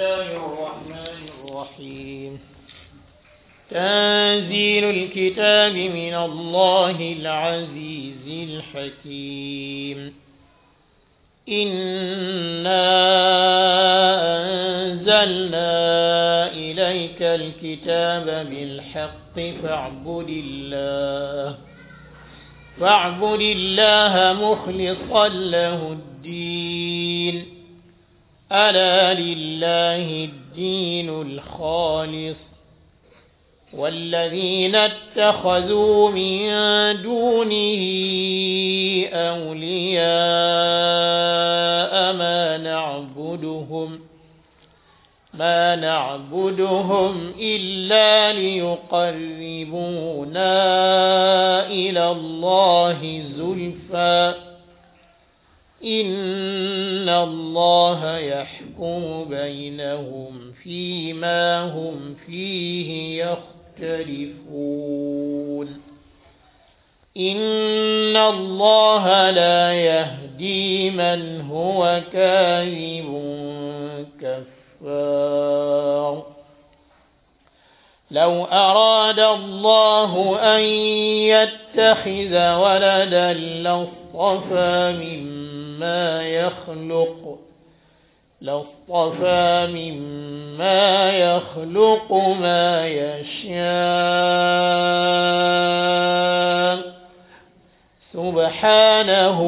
الله الرحمن الرحيم تنزيل الكتاب من الله العزيز الحكيم إنا أنزلنا إليك الكتاب بالحق فاعبد الله فاعبد الله مخلصا له الدين ألا لله الدين الخالص والذين اتخذوا من دونه أولياء ما نعبدهم ما نعبدهم إلا ليقربونا إلى الله زلفاً إِنَّ اللَّهَ يَحْكُمُ بَيْنَهُمْ فِيمَا هُمْ فِيهِ يَخْتَلِفُونَ إِنَّ اللَّهَ لَا يَهْدِي مَنْ هُوَ كَاذِبٌ كَفَّارٌ لَوْ أَرَادَ اللَّهُ أَنْ يَتَّخِذَ وَلَدًا لَاصْطَفَى مِمَّا مما يخلق لاصطفى مما يخلق ما يشاء سبحانه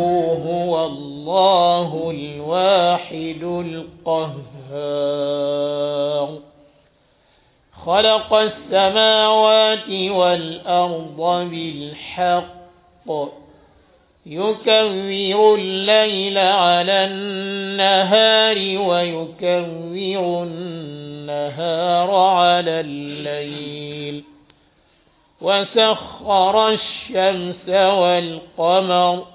هو الله الواحد القهار خلق السماوات والأرض بالحق يكور الليل على النهار ويكور النهار على الليل وسخر الشمس والقمر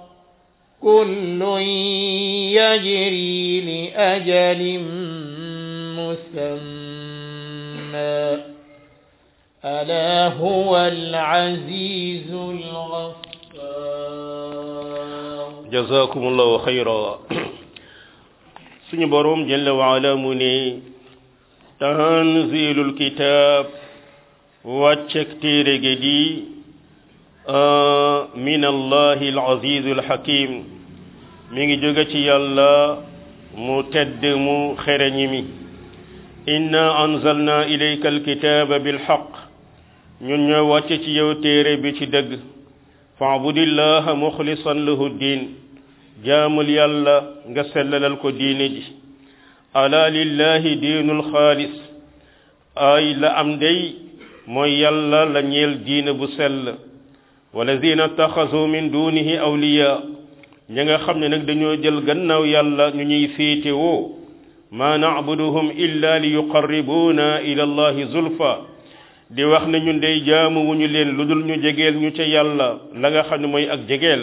كل يجري لأجل مسمى ألا هو العزيز الغفور jazakumullahu xayra suñu boroom jalla wa ala mu ne tanzilul kitab wàcceg téere gi di min allahi alazizu alxakim mi ngi jóge ci yàlla mu tedd mu xereñi mi inna anzalna ilayka alkitaba bilxaq ñun ñoo wàcce ci yow téere bi ci dëgg faabud illaha muxlisan lahu diin jaamul yàlla nga sellalal ko diine ji ala lillahi diinul xaalis ay la am day mooy yàlla la ñeel diine bu sell walazina taxasu min dunihi awliya ña nga xam ne nag dañoo jël gannaaw yàlla ñu ñuy féete woo ma nacbuduhum illa li yuqarribuuna ila allahi zulfa di wax ne ñun day jaamu wuñu leen lu dul ñu jegeel ñu ca yàlla la nga xam ne mooy ak jegeel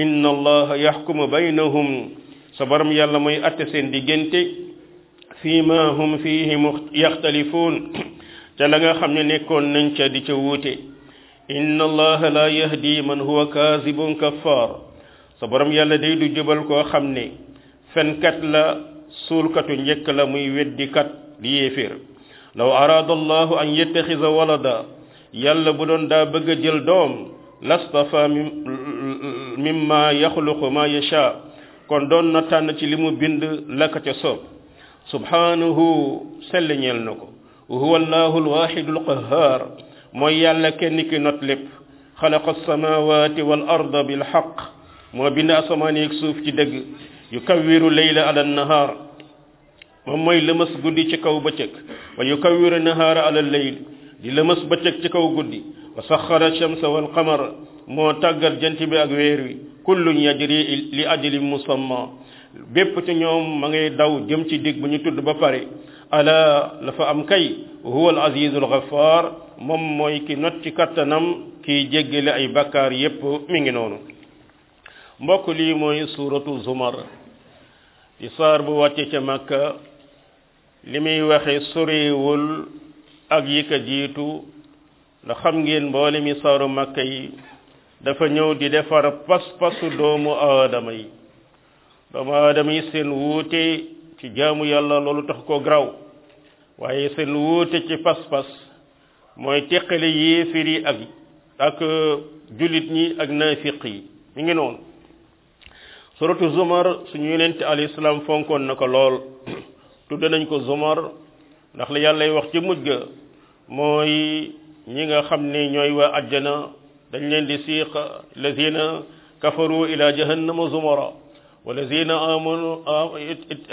inna allaha yaxkumu baynahum sa borom yàlla mooy atte seen diggante ma hum fihi yaxtalifuun te la nga xam ne nekkoon nañ ca di ca wuute inna allaha la yahdi man huwa kaazibun kaffaar sa borom yàlla day du jubal koo xam ne fenkat la suulkatu njëkk la muy weddikat di yéeféer لو أراد الله أن يتخذ ولدا يلا بدون دا بغ جيل دوم لاصطفى مما يخلق ما يشاء كون دون نتان تي ليمو بيند لاك تي سبحانه سلنيل نكو وهو الله الواحد القهار مو يالا كين كي خلق السماوات والارض بالحق مو بين سمانيك يكسوف تي دغ الليل على النهار moom mooy lëmas guddi ci kaw bëccëg wa yukawiru nahaara ala leyl di lëmas bëccëg ci kaw guddi wa saxara shamsa wal qamara moo tàggat jant bi ak weer wi kullun yajri li ajli musamma bépp ci ñoom ma ngay daw jëm ci dig bu ñu tudd ba pare ala la fa am kay huwa al azizul ghaffar moom mooy ki not ci kattanam kiy jéggale ay bakkaar yépp mi ngi noonu mbokk li mooy suuratu zumar di saar bu wàcce ca makka li muy waxe sorewul ak yi ko jiitu ndax xam ngeen mboole mi saaru makk yi dafa ñëw di defar pas-pasu doomu aadama yi doomu aadama yi seen wuute ci jaamu yàlla loolu tax ko graw waaye seen wuute ci pas-pas mooy teqale yéefir yi ak ak jullit ñi ak naafiq yi mi ngi noonu suratu zumar suñu yonente alayhi salaam fonkoon na ko lool tudde nañ ko zumar ndax li yàllay wax ci mujj ga mooy ñi nga xam ne ñooy waa ajjana dañ leen di siiq lazina kafaru ila jahannama zumara wa lazina amanu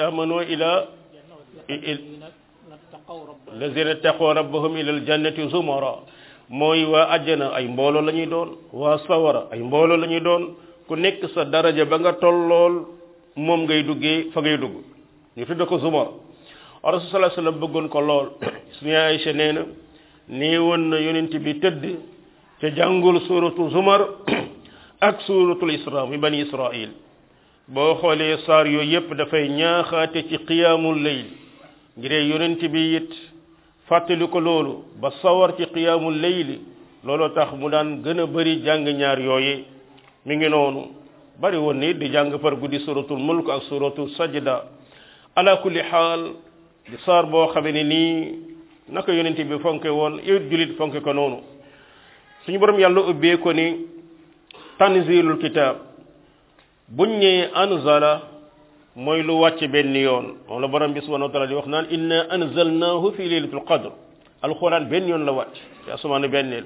amanu ila lazina taqoo rabbahum ila aljannati zumara mooy waa ajjana ay mbooloo la ñuy doon waa sawara ay mbooloo la ñuy doon ku nekk sa daraja ba nga tollool moom ngay duggee fa ngay dugg ñu tudde ko zuma rasul sallallahu alayhi wasallam bëggoon ko lool suñu Aysa nee na nii woon na yonent bi tëdd ca jàngul suratu zumar ak suratul isra mi bani xoolee saar yooyu yépp dafay ñaaxaate ci qiyaamul layl ngiree yonent bi it fàttali ko loolu ba sawar ci qiyaamul layl looloo tax mu daan gën a bari jàng ñaar yooyu mu ngi noonu bari woon na it di jàng par guddi suratul ak suuratu sajda ala kulli xaal di saar boo xamee ne nii naka yonente bi fonke woon yowit julit fonke ko noonu suñu borom yàlla ubbee ko ni tanzilul kitab buñ ne anzala mooy lu wàcc benn yoon moom la borom bi subhanahu wa taala di wax naan inna anzalnahu fi lailatul qadr alquran benn yoon la wàcc ci asamaanu benneel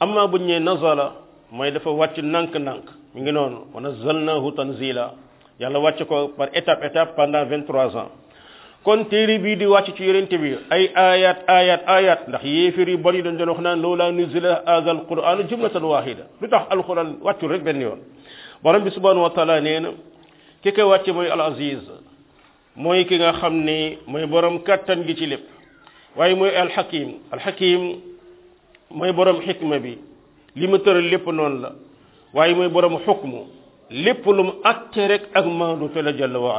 amma buñ ne nazala mooy dafa wàcc nànk-nànk mi ngi noonu wa nazalnahu tanzila yàlla wàcc ko par étape étape pendant 23 ans kon téere bii di wàcc ci yonente bi ay ayat ayat ayat ndax yéefir yu bari dañ doon wax naan loola nuzila hadha alquran jumlatan wahida lu tax alquran wàccul rek benn yoon borom bi subhanahu wa taala nee na ki koy wàcce mooy al aziz mooy ki nga xam ne mooy borom kattan gi ci lépp waaye mooy al hakim al hakim mooy borom xikma bi li ma tëral lépp noonu la waaye mooy borom xukmu lépp lu mu atte rek ak maandu te la jalla wa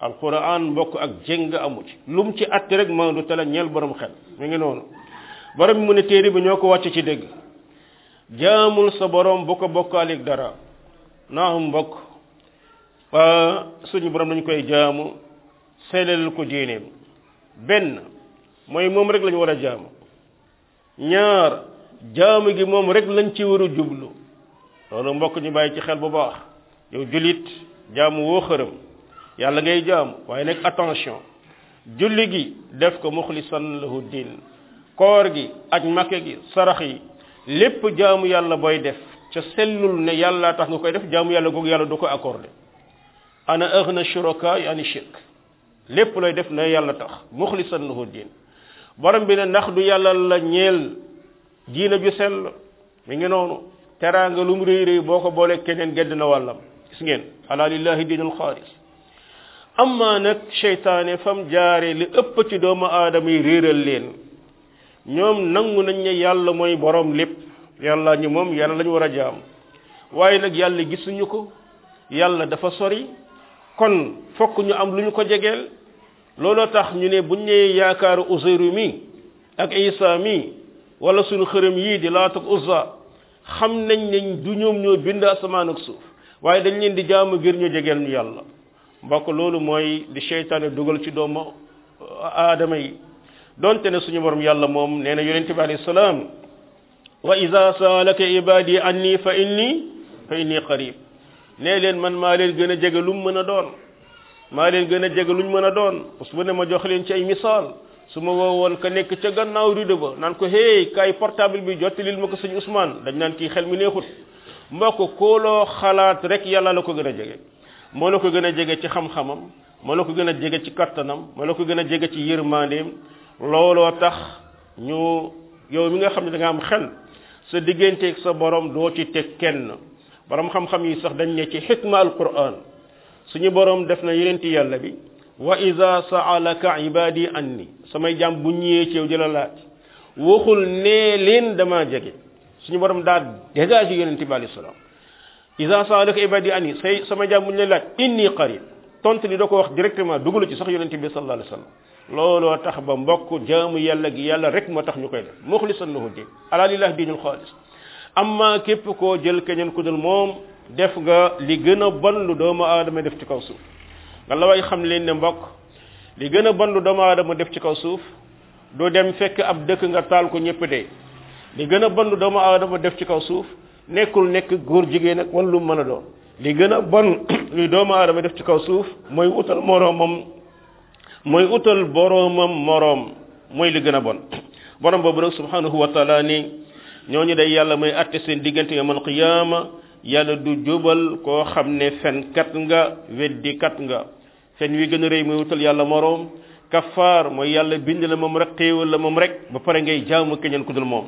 ala mbokk ak jéng amu lu mu ci atte rek maandu te la ñeel borom xel mu ngi noonu borom bi mu ne téere bi ñoo ko wàcc ci dégg jaamul sa borom bu ko bokkaaleeg dara naa am mbokk suñu borom dañ koy jaamu seelal ko jéeneem benn mooy moom rek lañu war a jaamu ñaar jaamu gi moom rek lañ ci war a jublu loolu mbokk ñu bàyyi ci xel bu baax yow jullit jaamu woo xërëm yàlla ngay jaamu waaye nag attention julli gi def ko muxlisan lahu diin koor gi ak makke gi sarax yi lépp jaamu yàlla booy def ca sellul ne yàlla tax nga koy def jaamu yàlla googu yàlla du ko accordé ana aghna shuraka yani shirk lépp looy def na yàlla tax muxlisan lahu diin borom bi ne ndax du yàlla la ñeel diina ju sell mi ngi noonu teraanga lu mu réy réy boo ko boolee keneen gedd na wàllam gis ngeen ala lillahi diinul xaalis amma nag seytaane fam jaare li ëpp ci doomu aadama yi réeral leen ñoom nangu nañ ne yàlla mooy boroom lépp yàlla ñu moom yàlla lañu war a jaam waaye nag yàlla gisuñu ko yàlla dafa sori kon fokk ñu am lu ñu ko jegeel looloo tax ñu ne buñ nee yaakaaru Uzayru mi ak Isa mi wala suñu xërëm yii di Laat ak Uzza xam nañ ne du ñoom ñoo bind asamaan ak suuf waaye dañ leen di jaamu ngir ñu jegeel ñu yàlla mbokk loolu mooy di seytaane dugal ci doomu uh, aadama yi donte ne suñu borom yàlla moom nee na yonente bi alayhi salaam wa ida saalaka ibadi anni fa inni fa inni qarib nee leen man maa leen gën a jege lu mu mën a doon maa leen gën a jege luñ mën a doon parce que ne ma jox leen ci ay misaal su ma woo woon ka nekk ca gannaaw rido ba naan ko hey kaay portable bi jottalil ma ko sëñ Ousmane dañ naan kii xel mi neexut mbokk koo loo xalaat rek yàlla la ko gën a jege moo la ko gën a jege ci xam-xamam moo la ko gën a jege ci kàttanam moo la ko gën a jege ci yërmandeem looloo tax ñu yow mi nga xam ne danga am xel sa digganteeg sa borom doo ci teg kenn borom xam-xam yi sax dañ ne ci xikma alquran suñu borom def na yeneen ti yàlla bi wa ida saalaka ibadi anni samay jàmm bu ñëwee ci yow di la laaj waxul nee leen dama jege ñu borom daal dégagé yonente bi alayhi salaam isa saalaka ibadi ani say sama jaam bu ñu lay laaj inni qarib tontu li doo ko wax directement dugalu ci sax yonente bi sallallahu alayhi wasallam looloo tax ba mbokk jaamu yàlla gi yàlla rek moo tax ñu koy def muxlisan lahu din ala lillahi diinul xaalis amma képp koo jël keneen ku dul moom def nga li gën a bon lu doomu aadama def ci kaw suuf nga la xam leen ne mbokk li gën a bon lu doomu aadama def ci kaw suuf du dem fekk ab dëkk nga taal ko ñëpp dee li gën a bon lu doomu aadama def ci kaw suuf nekkul nekk góor jigéen ak wala lu mën a doon li gën a bon luy doomu aadama def ci kaw suuf mooy utal moroomam mooy utal boroomam moroom mooy li gën a bon borom boobu nag subhanahu wa taala ni ñu day yàlla mooy atte seen diggante yawmal qiyaama yàlla du jubal koo xam ne fenkat nga weddikat nga fen wi gën a rëy mooy wutal yàlla moroom kafaar mooy yàlla bind la moom rek xéewal la moom rek ba pare ngay jaamu keneen ku dul moom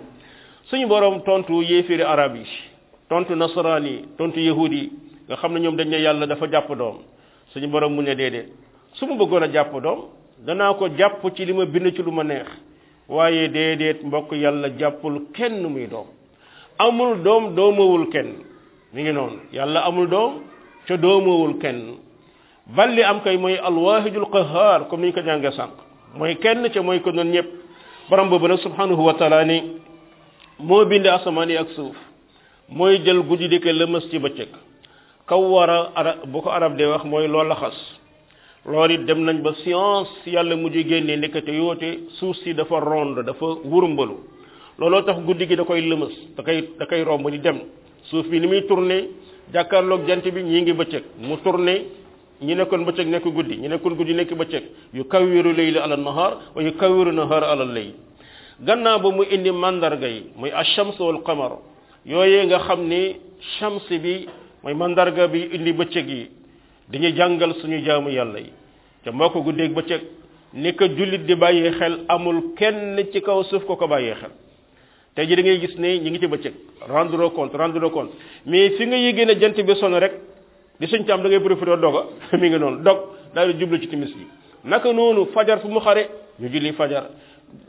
suñu boroom tontu yéeféeri araab yi tontu nasaraan yi tontu yahudi nga xam ne ñoom dañ ne yàlla dafa jàpp doom suñu borom mu dee déedéet su ma bëggoon a jàpp doom danaa ko jàpp ci li ma bind ci lu ma neex waaye déedéet mbokk yàlla jàppul kenn muy doom amul doom doomowul kenn mu ngi noonu yàlla amul doom ca doomawul kenn bal li am kay mooy alwaahidul qahaar comme ni ñu ko jànge sànq mooy kenn ca mooy ko noonu ñëpp borom boobu nag subhanahu wa moo bind asamaan yi ak suuf mooy jël guddi di ko lëmas ci bëccëg kaw war a arab bu ko arab de wax mooy loolu la xas it dem nañ ba science yàlla mu mujj génne nekkate yoote suuf si dafa ronde dafa wurumbalu looloo tax guddi gi da koy lëmas da koy da koy romb di dem suuf bi ni muy tourné jàkkaarloog jant bi ñii ngi bëccëg mu tourné ñi nekkoon bëccëg nekk guddi ñi nekkoon guddi nekk bëccëg yu kaw kawiru layla ala nahar wa yu kawiru nahar ala layl gannaaw ba mu indi màndarga yi muy ash-shams wal qamar yooyee nga xam ni shams bi mooy mandarga bi indi bëccëg yi dañuy jàngal suñu jaamu yàlla yi te moo ko guddeeg bëccëg ni ko jullit di bàyyee xel amul kenn ci kaw suuf ko ko bàyyee xel te ji da ngay gis ne ñu ngi ci bëccëg rendre compte rendre compte mais fi nga yégée ne jant bi sone rek di suñ tam da ngay profité doga mi ngi noonu dog daal di jublu ci timis bi naka noonu fajar fu mu xare ñu julli fajar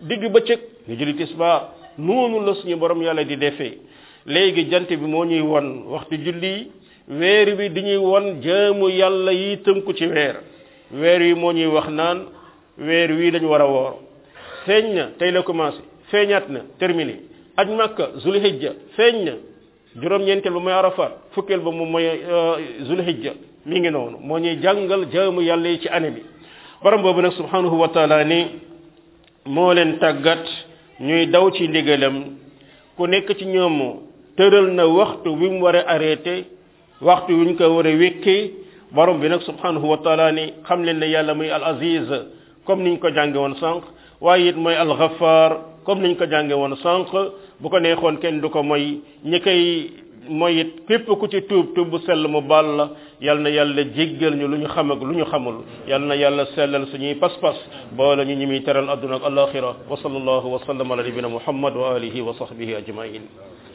digg bëccëg nga julli tisbaar noonu la suñu borom yàlla di defee léegi jant bi moo ñuy won waxtu julli weer bi di ñuy won jaamu yàlla yi tënku ci weer weer yi moo ñuy wax naan weer wii lañu war a woor feeñ na tey la commencé feeñaat na terminé aj makka zulhijja feeñ na juróom-ñeenteel ba mooy arafat fukkeel ba moom mooy euh, zulhijja mi ngi noonu moo ñuy jàngal jaamu yàlla yi ci année bi borom boobu nag subhanahu wa ni moo leen tàggat ñuy daw ci ndigalam ku nekk ci ñoom tëral na waxtu wi mu waree a waxtu wi ñu ko war a wékkee borom bi nag subhanahu wa taala ni xam leen ne yàlla muy al aziz comme niñ ko jànge woon sànq waaye it mooy al ghafar comme niñ ko jànge woon sànq bu ko neexoon kenn du ko moy ñi koy mooy it képp ku ci tuub tuub bu sell mu ball la yal na yàlla jéggal ñu luñu xam ak luñu xamul yal na yàlla selal suñuy pas-pas boole ñu ñi muy teral aduna ak al-akhirah wa sallallahu wa sallama ala nabina muhammad wa alihi wa sahbihi ajmain